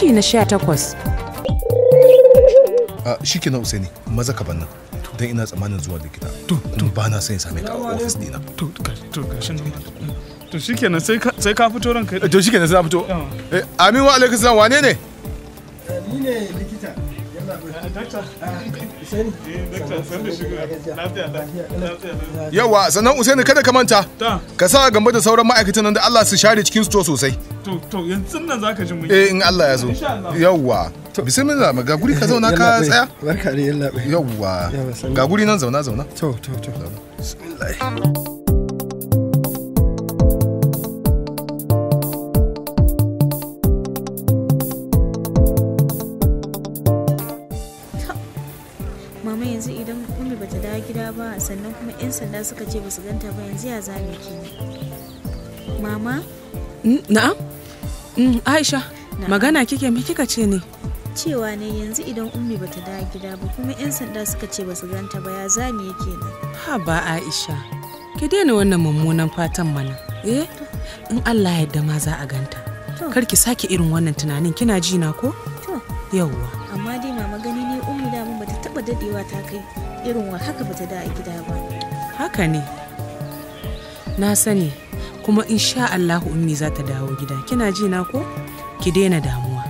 kashi na sha takwas. shi na usaini maza ka bannan don ina tsammanin zuwa likita tun ba na son same ka a ofis dina to to shi sai ka fito ranka to shi sai na fito eh, amin wa alaikun wane ne eh, ni ne likita yawa sannan usaini kada ka manta ka sa gamba da sauran ma'aikatan nan da Allah su share cikin sto sosai to to yanzu nan za ka ji mu eh in Allah ya zo yawa bismillah ma ga guri ka zauna ka tsaya barka da yalla yawa ga guri nan zauna zauna to to to bismillah yanzu idan ummi bata dawo gida ba sannan kuma 'yan sanda suka ce basu ganta ba yanzu ya zame ki mama mm, na'am mm, aisha magana kike me kika ce ne cewa ne yanzu idan ummi bata dawo gida ba kuma 'yan sanda suka ce basu ganta ba ya zame yake nan ha ba aisha ki daina wannan mummunan fatan mana eh in allah yadda ma za a ganta kar ki sake irin wannan tunanin kina ji na ko yawwa ba dadewa ta kai irin wa haka bata da a gida ba haka ne na sani kuma insha Allahu ummi za ta dawo gida kina ji na ko ki daina damuwa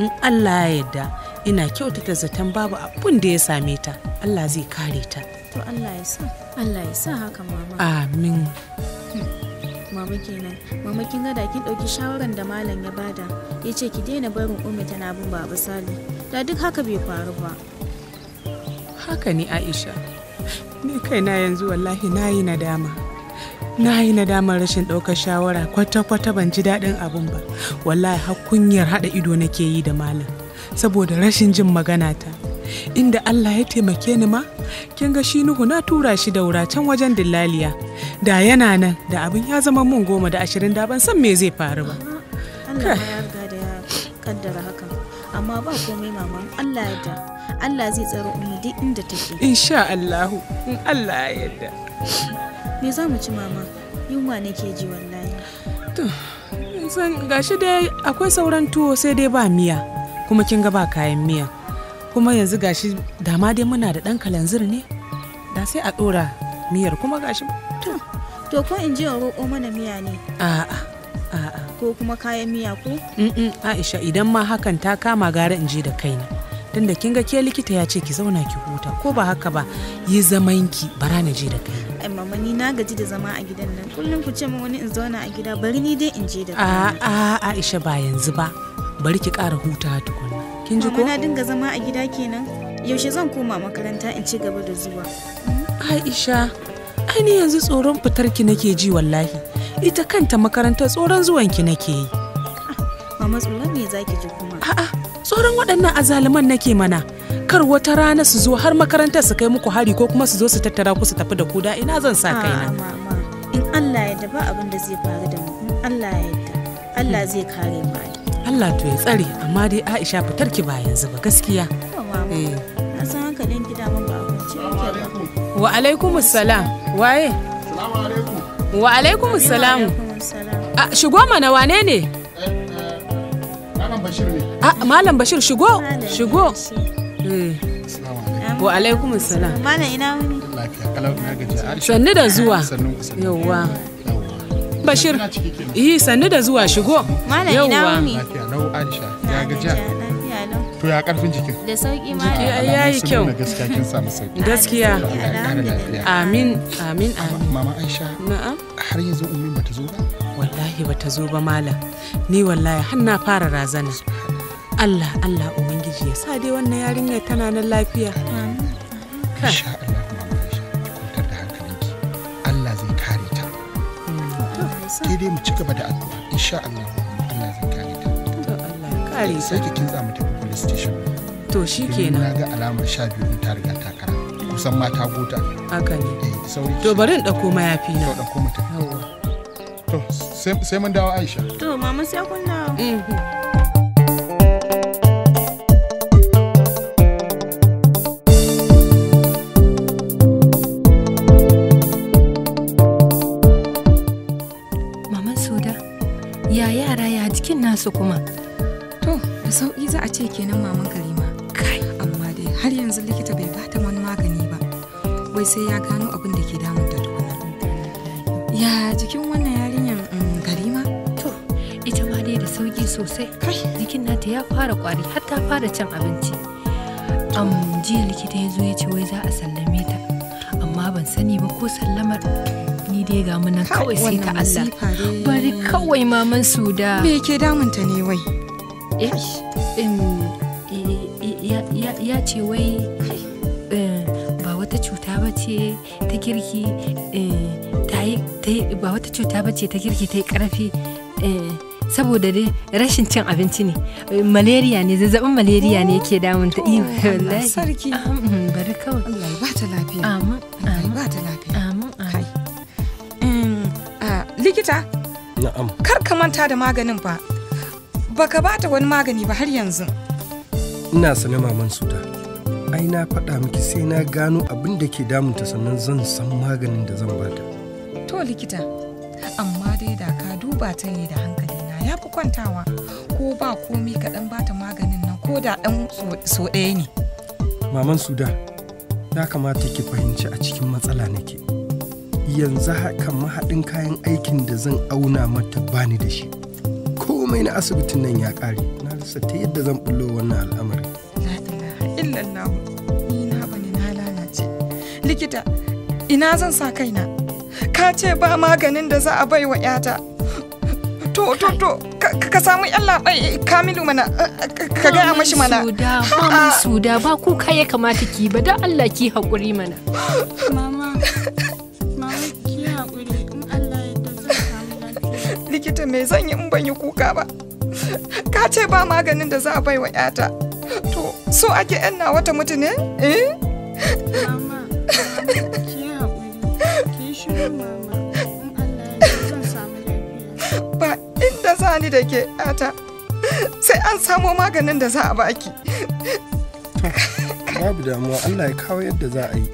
in Allah ya yarda ina kyautata zaton babu abun da ya same ta Allah zai kare ta to Allah ya sa Allah ya sa haka mama amin hmm. mama kenan mama kin ga da kin dauki shawaran da malam ya bada ya ce ki daina barin ummi tana bin baba sali da duk haka bai faru ba haka ne aisha ni kaina yanzu wallahi na yi nadama na yi nadamar rashin ɗaukar shawara kwata-kwata ban ji daɗin abin ba wallahi har kunyar haɗa ido nake yi da malam saboda rashin jin magana ta inda allah ya taimake ni ma kin ga shi nuhu na tura shi da can wajen dillaliya da yana nan da abin ya zama mun goma da ashirin da ban san me zai faru ba kaddara hakan amma ba komai mama Allah ya da Allah zai tsaro umu duk inda take insha Allah in Allah ya yarda me za mu ci mama yunwa nake ji wallahi to san gashi dai akwai sauran tuwo sai dai ba miya kuma kin ga ba kayan miya kuma yanzu gashi dama dai muna da dan kalanzir ne da sai a dora miyar kuma gashi to to ko in je roƙo mana miya ne a'a ko kuma kayan miya ko? Mm Aisha idan ma hakan ta kama gara in je da kaina. Tun da kin ga ke likita ya ce ki zauna ki huta ko ba haka ba yi zaman ki bara na je da kaina. Ai mama ni na gaji da zama a gidan nan kullum ku ce min wani in zauna a gida bari ni dai in je da kaina. A a Aisha ba yanzu ba bari ki ƙara hutawa tukunna. Kin ji ko? Mama na dinga zama a gida kenan. Yaushe zan koma makaranta in ci gaba da zuwa. Aisha, ai ni yanzu tsoron fitar ki nake ji wallahi. ita kanta makarantar tsoron zuwanki nake yi ah, mama tsoron me zaki ji kuma a'a tsoron waɗannan azaluman nake mana kar wata rana su zo har makarantar su kai muku hari ko kuma su zo su tattara ku su tafi da ku da ina zan sa ah, kaina in Allah ya ba abin da zai faru da mu in Allah ya yarda Allah zai kare mu Allah to ya tsare amma dai Aisha fitar ki ba yanzu ba gaskiya eh. na san hankalin gida mun ba abinci wa alaikumus salam waye salamu alaikum Wa alaikum salam. A shigo mana wane ne? Malam Bashir A Malam Bashir shigo? Shigo. Eh. Wa alaikum salam. Mana ina Sannu da zuwa. Yawwa. Bashir. Yi sannu da zuwa shigo. Mana ina Lafiya Aisha. Ya to ya karfin jikin da sauki ma ya yayi kyau gaskiya kin samu sauki gaskiya amin amin amin mama aisha na'am har yanzu ummi bata zo ba wallahi bata zo ba malam ni wallahi har na fara razana Allah Allah ubangiji ya sa dai wannan yarinyar tana nan lafiya insha Allah mama aisha ki Allah zai kare ta ke mm. dai mu ci gaba da addu'a insha Allah Allah zai kare ta to Allah kare sai ki kinsa mutum station to shi ke na ga alamar sha biyu in ta riga takara kusan ma ta buta haka ne eh, to bari in ɗauko mayafi na to ɗauko mutum to sai mun dawo aisha to mama sai kun dawo mhm. Maman Soda, ya yara ya jikin nasu kuma? ce kenan maman karima amma dai har yanzu likita bai bata wani magani ba wai sai ya gano abin da ke damun ta tukuna ya jikin wannan yarinyar garima. Mm, to ita ma dai da sauki sosai jikin nata ya fara kwari har ta fara cin abinci am jiya likita ya zo ya ce wai za a sallame ta amma ban sani ba ko sallamar ni dai ga munan kawai sai ta Allah bari kawai maman su da me ke damunta ne wai Eh, eh, eh, ya ce wai ba wata cuta ba ce ta kirki ba wata cuta ba ce ta kirki ta yi karfi saboda dai rashin cin abinci ne malaria ne zazzabin malaria ne yake damun ta iya oh, wallahi sarki mm-hmm, bari kawai Allah ba ta lafiya amin amin ba ta lafiya amin likita na'am kar ka manta da maganin ba baka ta wani magani ba har yanzu ina sane maman suda ai na faɗa miki sai na gano abin da ke ta sannan zan san maganin da zan bata to likita amma dai da ka duba ta ne da hankali na ya fi kwantawa ko ba komi kaɗan bata maganin nan ko da ɗan so ɗaya ne maman suda ya kamata ki fahimci a cikin matsala nake yanzu haka mahaɗin kayan aikin da zan auna mata bani da shi komai na asibitin nan ya kare na rasa ta yadda zan bullo wannan al'amari likita ina zan sa kaina ka ce ba maganin da za a bai wa yata to to to ka samu yan labai kamilu mana ka gaya mashi mana suda ah. suda ba kuka ya kamata ki ba don allah ki haƙuri mana mama Mai zan yi in ban yi kuka ba ka ce ba maganin da za a bai wa yata to so ake yan na wata mutu ne eh in Allah ba inda za ni da ke yata sai an samo maganin da za a baki babu damuwa Allah ya kawo yadda za a yi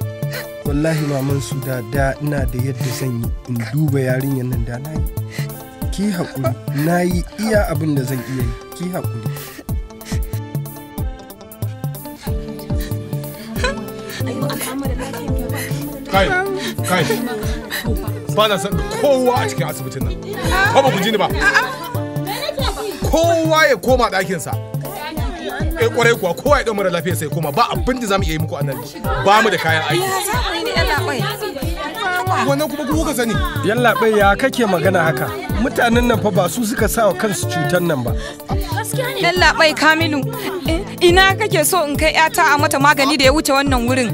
wallahi maman su da da ina da yadda zan yi in duba yarinyar nan da na yi ki haƙuri na yi iya abin da zan iya yi ki haƙuri kai kai ba na san kowa a cikin asibitin nan ba ba ku ji ni ba kowa ya koma ɗakinsa eh ƙwarai kuwa kowa ya ɗan mara lafiya sai koma ba abin da za mu iya yi muku annan ba mu da kayan aiki wannan kuma kuka sani yalla ya kake magana haka mutanen nan fa ba su suka sa wa kansu cutar nan ba Lalla bai Kamilu eh, ina kake so in kai yata a mata magani da ya wuce wannan wurin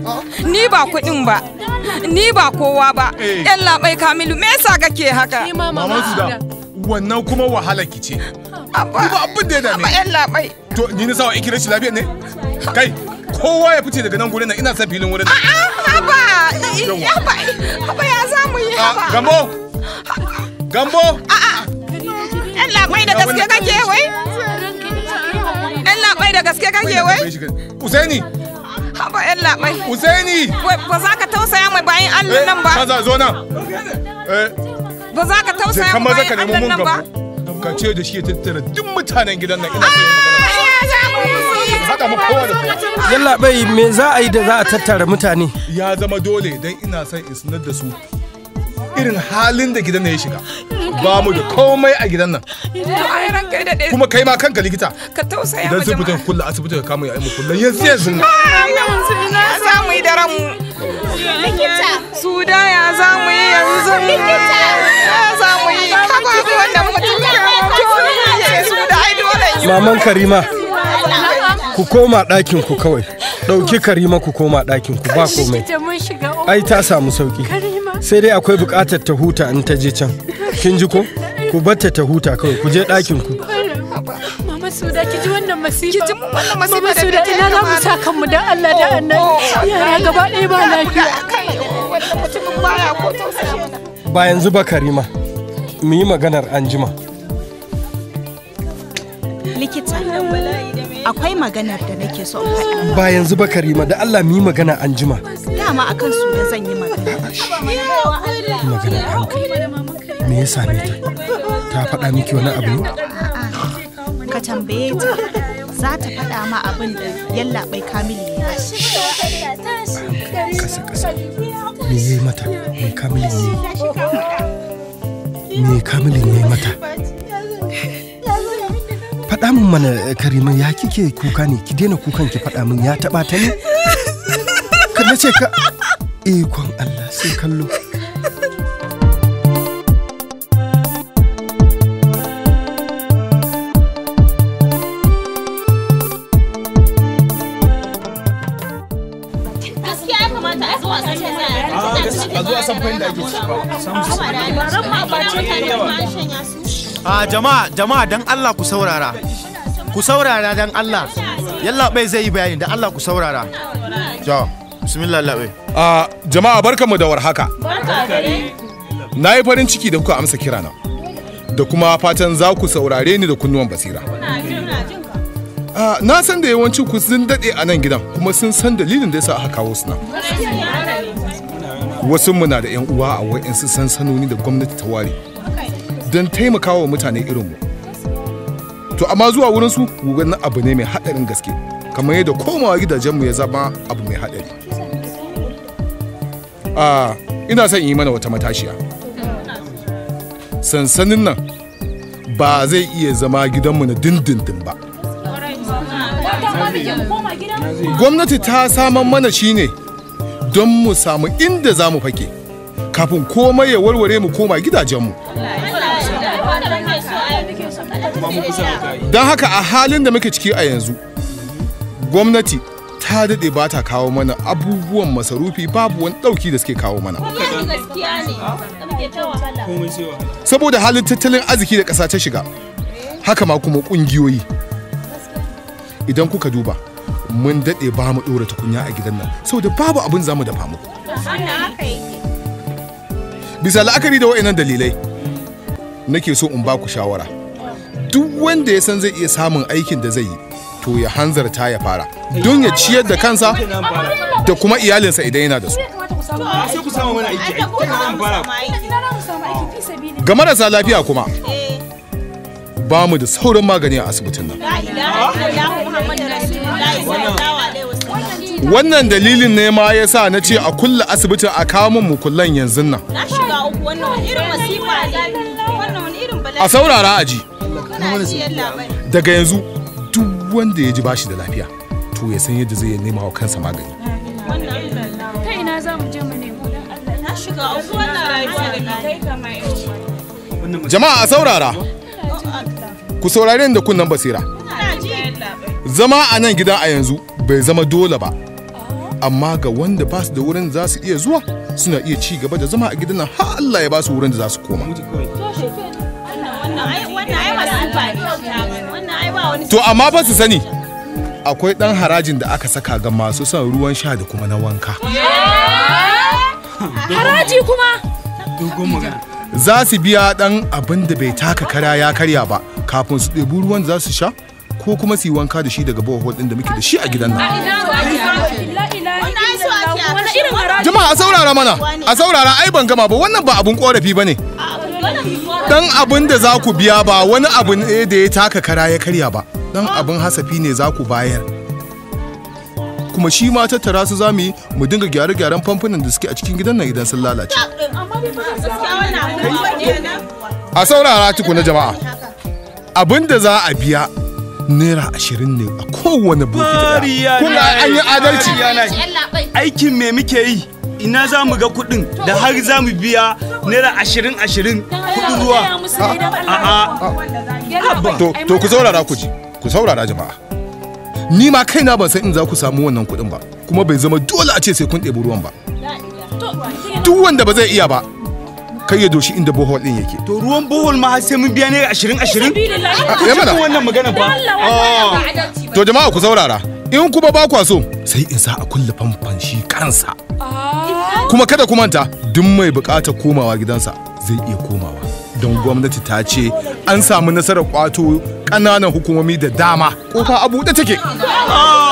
ni ba kuɗin ba ni ba kowa ba Yalla eh. bai Kamilu me yasa kake haka Mama Zuda wannan kuma wahala ki ce Abba abin da ya dame Yalla bai to ni na sawa ikirar shi lafiya ne kai kowa ya fice daga nan wurin nan ina sa filin wurin nan Abba, haba haba ya zamu yi ah, haba gambo gambo ah, labai da gaske kake wai? Yan labai da gaske kake wai? Usaini! Haba yan labai. Usaini! Ba za ka tausaya mai bayan Allah eh, nan ba. Kaza zo nan. Eh, ba za ka tausaya mai bayan Allah nan ba. Ka ce da shi ya tattara duk mutanen gidan nan ina Yalla ah, bai me za a yi da za a tattara mutane? Ya zama dole don ina son in sanar da su irin halin da gidan ya shiga. ba mu da komai a gidan nan kuma kai ma kanka likita ka tausaya idan sun fita kullu asibiti ka kama yayin mu kullun yanzu yanzu ya za mu yi da mu. likita su da ya za mu yi yanzu likita ya za mu yi kaga abu wanda mutum ya su da ai dole maman karima ku koma ɗakin ku kawai ɗauki karima ku koma ɗakin ku ba komai ai ta samu sauki sai dai akwai buƙatar ta huta in ta je can kin ji ko ku batta ta huta kawai ku je ɗakin ku mama suda ki ji wannan masifa ki ji wannan masifa mama suda ina za mu sa kanmu dan Allah da annabi oh, yara gaba ɗaya ba lafiya ba yanzu ba karima mu yi maganar anjima akwai maganar da nake so faɗa ba yanzu ba karima da Allah mu yi magana anjima dama akan su zan yi magana magana hankali me ya same ta ta faɗa miki wani abu ne ka tambaye ta za ta faɗa ma abin da yalla bai kamilu ya kasa kasa me ya yi mata me kamilu ne me kamil ne mata faɗa min mana karima ya kike kuka ne ki daina kukan ki faɗa min ya taɓa ta ne ka ce ka ikon Allah sai kallo a jama'a jama'a dan Allah ku saurara ku saurara dan Allah yalla bai zai yi bayani dan Allah ku saurara ja bismillah labai a jama'a barkamu da warhaka na yi farin ciki da kuka amsa kirana da kuma fatan za ku saurare ni da kunnuwan basira na san da yawancin ku sun daɗe a nan gidan kuma sun san dalilin da ya sa aka kawo su nan wasu muna da 'yan uwa a wa'insu sansanoni da gwamnati ta ware don taimakawa mutane irinmu to amma zuwa wurin su na abu ne mai haɗarin gaske kamar yadda komawa gidajenmu ya zama abu mai haɗari a ina son yi mana wata matashiya sansanin nan ba zai iya zama gidanmu na dindindin ba gwamnati ta saman mana shine don mu samu inda za mu fake kafin komai ya warware mu koma gidajenmu don haka a halin da muke ciki a yanzu gwamnati ta daɗe ba ta kawo mana abubuwan masarufi babu wani ɗauki da suke kawo mana. Saboda halin tattalin arziki da ƙasa ta shiga, haka ma kuma ƙungiyoyi. Idan kuka duba, mun daɗe ba mu ɗora tukunya a gidan nan saboda babu abin zamu dafa muku. Bisa la'akari da wa'annan dalilai nake so in ba ku shawara. Duk wanda ya san zai iya samun aikin da zai yi to ya hanzarta ya fara don ya ciyar da kansa da kuma iyalinsa idan yana da su. Ga marasa lafiya kuma eh. ba mu da saurin magani a asibitin nan. wannan dalilin ne ma ya sa na ce a kulla asibitin a kawo min mukullan yanzu nan a saurara a ji daga yanzu duk wanda ya ji bashi da lafiya to ya san yadda zai nema wa kansa magani na jama'a a saurara ku saurare da kunnan basira zama a nan gida a yanzu bai zama dole ba amma ga wanda ba su da wurin za su iya zuwa suna iya ci gaba da zama a gidan nan har Allah ya ba su wurin da za su koma to amma ba su sani akwai ɗan harajin da aka saka ga masu son ruwan sha da kuma na wanka haraji kuma za su biya ɗan abin da bai taka kara ya karya ba kafin su ɗebi ruwan za su sha ko kuma su yi wanka da shi daga bawa hudun da muke da shi a gidan nan jama'a a saurara mana a saurara ai ban gama ba wannan ba abun korafi ba ne dan abin da za ku biya ba wani abin da ya taka kara ya karya ba dan abin hasafi ne za ku bayar kuma shi ma tattara su za mu yi mu dinga gyare-gyaren famfunan da suke a cikin gidan nan idan sun lalace a saurara tukuna jama'a abin da za a biya naira ashirin ne a kowane bokiti ɗaya kuma an yi adalci aikin me muke yi ina za mu ga kuɗin da har za mu biya naira ashirin ashirin kuɗin ruwa to ku saurara ku ji ku saurara jama'a ni ma kaina ban san in za ku samu wannan kuɗin ba kuma bai zama dole a ce sai kun ɗebi ruwan ba duk wanda ba zai iya ba kai ya doshi inda bohol din yake to ruwan bohol ma sai mun biya ne 20 20 ya mana wannan magana fa? to jama'a ku saurara in kuma ba kwa so sai in sa a kulle famfan shi kansa ah. kuma kada ku manta duk mai bukatar komawa gidansa zai iya komawa don gwamnati ta ce an samu nasarar kwato ƙananan hukumomi da dama kofa a buɗe take ah.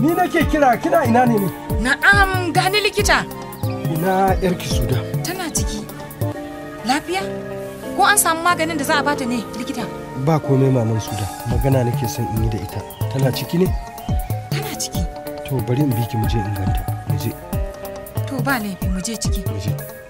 Ni nake kira kina ina ne ne? Na'am gani likita. Ina yarki suda. Tana ciki. Lafiya? Ko an samu maganin da za a bata ne likita? Ba komai maman suda. Magana nake son in yi da ita. Tana ciki ne? Tana ciki. To bari in biki muje mu je in ganta. To ba laifi muje ciki. muje